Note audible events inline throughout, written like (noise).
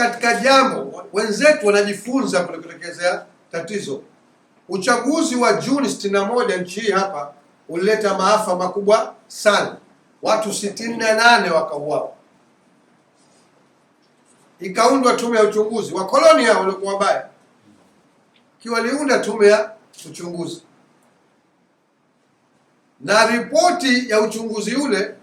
katika jambo, wenzetu wanajifunza kulitokezea tatizo. Uchaguzi wa Juni sitini na moja nchi hii hapa ulileta maafa makubwa sana, watu sitini na nane wakauawa, ikaundwa tume ya uchunguzi. Wakoloni hao walikuwa wabaya, kiwaliunda tume ya uchunguzi na ripoti ya uchunguzi ule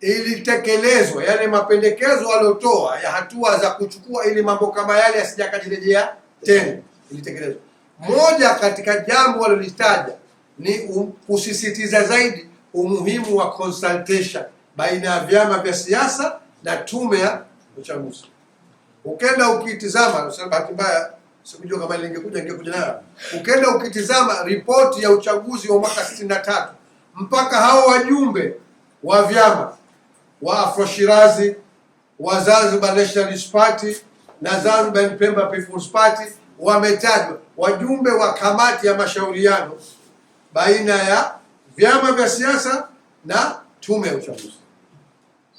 ilitekelezwa, yale mapendekezo aliotoa ya hatua za kuchukua ili mambo kama yale yasijakajirejea tena ilitekelezwa. Moja katika jambo walilitaja ni um, kusisitiza zaidi umuhimu wa consultation baina ya vyama vya siasa na tume ya uchaguzi. Ukenda ukitizama, bahati mbaya sikujua kama ningekuja ningekuja nayo. Ukenda ukitizama ripoti ya uchaguzi wa mwaka 63 mpaka hao wajumbe wa vyama wa Afro Shirazi wa Zanzibar Nationalist Party na Zanzibar Pemba People's Party wametajwa wajumbe wa kamati ya mashauriano baina ya vyama vya siasa na tume ya uchaguzi.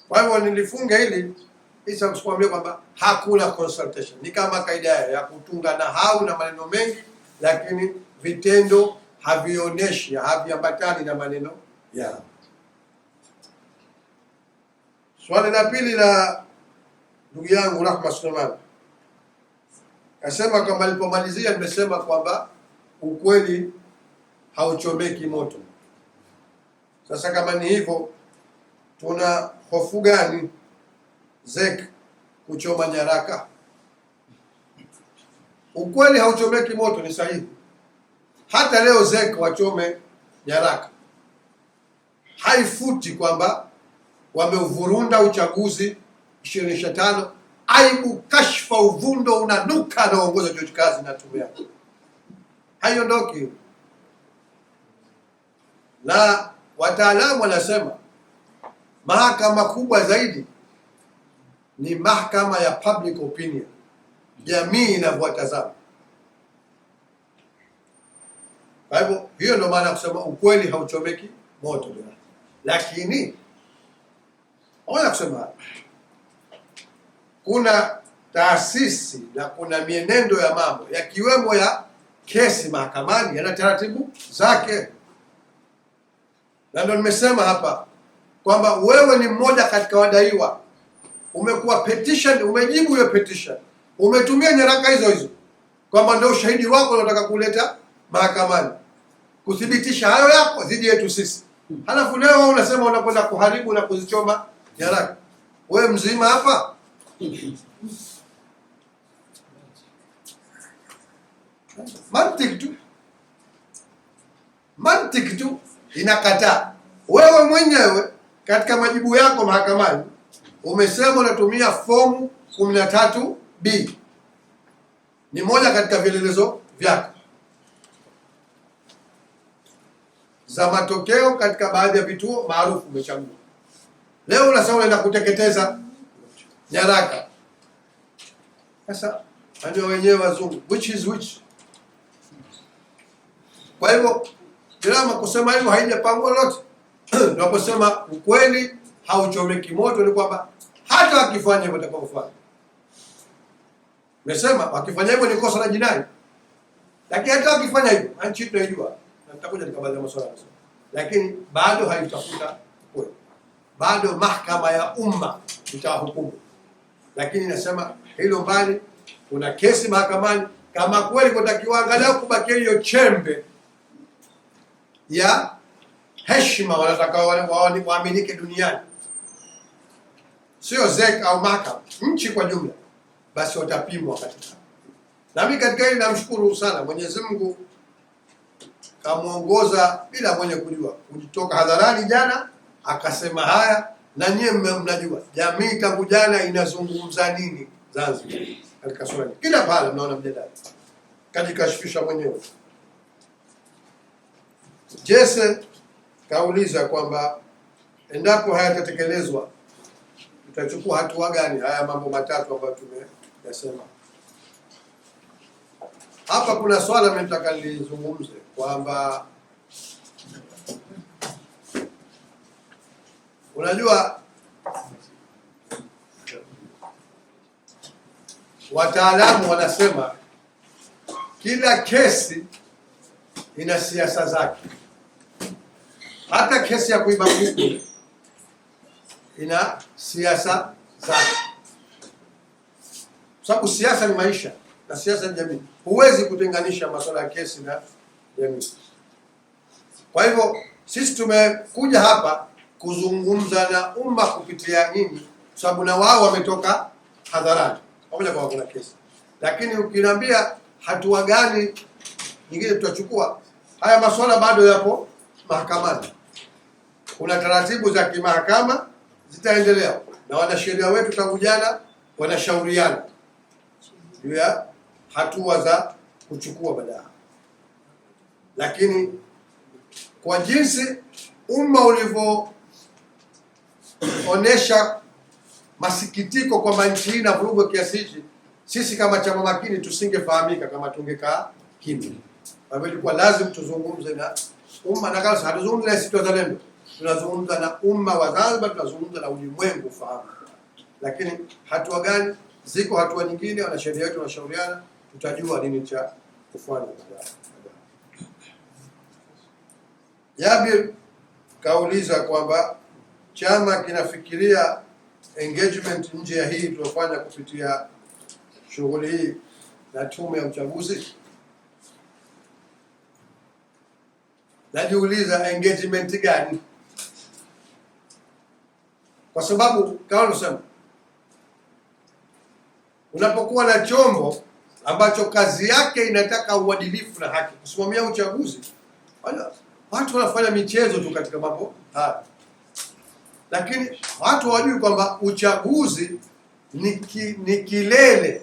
Kwa hivyo nilifunga hili isakuambia kwamba hakuna consultation, ni kama kaida ya kutunga na hau na maneno mengi, lakini vitendo havionyeshi, haviambatani na maneno yao. Swali la pili la ndugu yangu Rahma Suleiman kasema kwamba alipomalizia, nimesema kwamba ukweli hauchomeki moto. Sasa kama ni hivyo, tuna hofu gani ZEC kuchoma nyaraka? Ukweli hauchomeki moto ni sahihi. Hata leo ZEC wachome nyaraka haifuti kwamba wameuvurunda uchaguzi 25 Aibu, kashfa, uvundo unanuka. Anaongoza George Kazi na tume yake haiondoki, na wataalamu wanasema mahakama kubwa zaidi ni mahakama ya public opinion, jamii inavyowatazama. Kwa hivyo hiyo ndio maana kusema ukweli hauchomeki moto, lakini moja kusema kuna taasisi na kuna mienendo ya mambo yakiwemo ya kesi mahakamani, yana taratibu zake, na ndio nimesema hapa kwamba wewe ni mmoja katika wadaiwa, umekuwa petition, umejibu hiyo petition, umetumia nyaraka hizo hizo kwamba ndio ushahidi wako unataka kuleta mahakamani kuthibitisha hayo yako dhidi yetu sisi, halafu leo unasema unakwenda kuharibu na kuzichoma Yarak, wewe mzima hapa? Mantiki tu, mantiki tu inakataa. Wewe mwenyewe katika majibu yako mahakamani umesema unatumia fomu kumi B, ni moja katika vielelezo vyako za matokeo katika baadhi ya vituo maarufu umechagua. Leo unasahau unaenda kuteketeza nyaraka. Sasa najua wenyewe wazungu which is which. Kwa hivyo drama kusema hivyo haijapangwa lolote. Unaposema (clears throat) ukweli hauchomeki moto, ni kwamba hata wakifanya hivyo watakofanya, nimesema wakifanya hivyo ni kosa la jinai, lakini hata wakifanya hivyo, nchi tunaijua, na nitakuja nikabadilisha masuala, lakini bado haitafuta bado mahakama ya umma itawahukumu, lakini nasema hilo mbali, kuna kesi mahakamani. Kama kweli kutakiwa angalau kubakia hiyo chembe ya heshima wanataka waaminike duniani, sio ZEC au mahakama, nchi kwa jumla, basi watapimwa katika nami. Katika hili namshukuru sana Mwenyezi Mungu, kamwongoza bila mwenye kujua kujitoka hadharani jana akasema haya, na nyie mnajua jamii tangu jana inazungumza nini Zanzibar katika swali, kila pale mnaona mjadala, kajikashifisha mwenyewe. jese kauliza kwamba endapo hayatatekelezwa tutachukua hatua gani? Haya mambo matatu ambayo tumeyasema hapa, kuna swala mimi lizungumze kwamba Unajua wataalamu wanasema kila kesi ina siasa zake. Hata kesi ya kuiba kuku ina siasa zake, sababu siasa ni maisha na siasa ni jamii. Huwezi kutenganisha masuala ya kesi na jamii. Kwa hivyo sisi tumekuja hapa kuzungumza na umma kupitia nini, sababu na wao wametoka hadharani pamoja kwa kuna kesi, lakini ukiniambia hatua gani nyingine tutachukua, haya masuala bado yapo mahakamani. Kuna taratibu za kimahakama zitaendelea, na wanasheria wetu tangu jana wanashauriana juu ya hatua za kuchukua badala, lakini kwa jinsi umma ulivyo tumeonesha masikitiko kwamba nchi hii inavurugwa kiasi hichi, sisi kama chama makini tusingefahamika kama tungekaa kimya. Kwa hivyo ilikuwa lazima tuzungumze na umma, na kama hatuzungumzi na sisi wazalendo, tunazungumza na umma wa Zanzibar, tunazungumza na ulimwengu fahamu. Lakini hatua gani ziko? Hatua nyingine, wanasheria wetu wanashauriana, tutajua nini cha kufanya. Jabir kauliza kwamba chama kinafikiria engagement nje ya hii tuliofanya kupitia shughuli hii na tume ya uchaguzi. Najiuliza engagement gani? Kwa sababu kama unapokuwa na chombo ambacho kazi yake inataka uadilifu na haki, kusimamia uchaguzi, watu wanafanya michezo tu katika mambo haya lakini watu hawajui kwamba uchaguzi ni, ki, ni kilele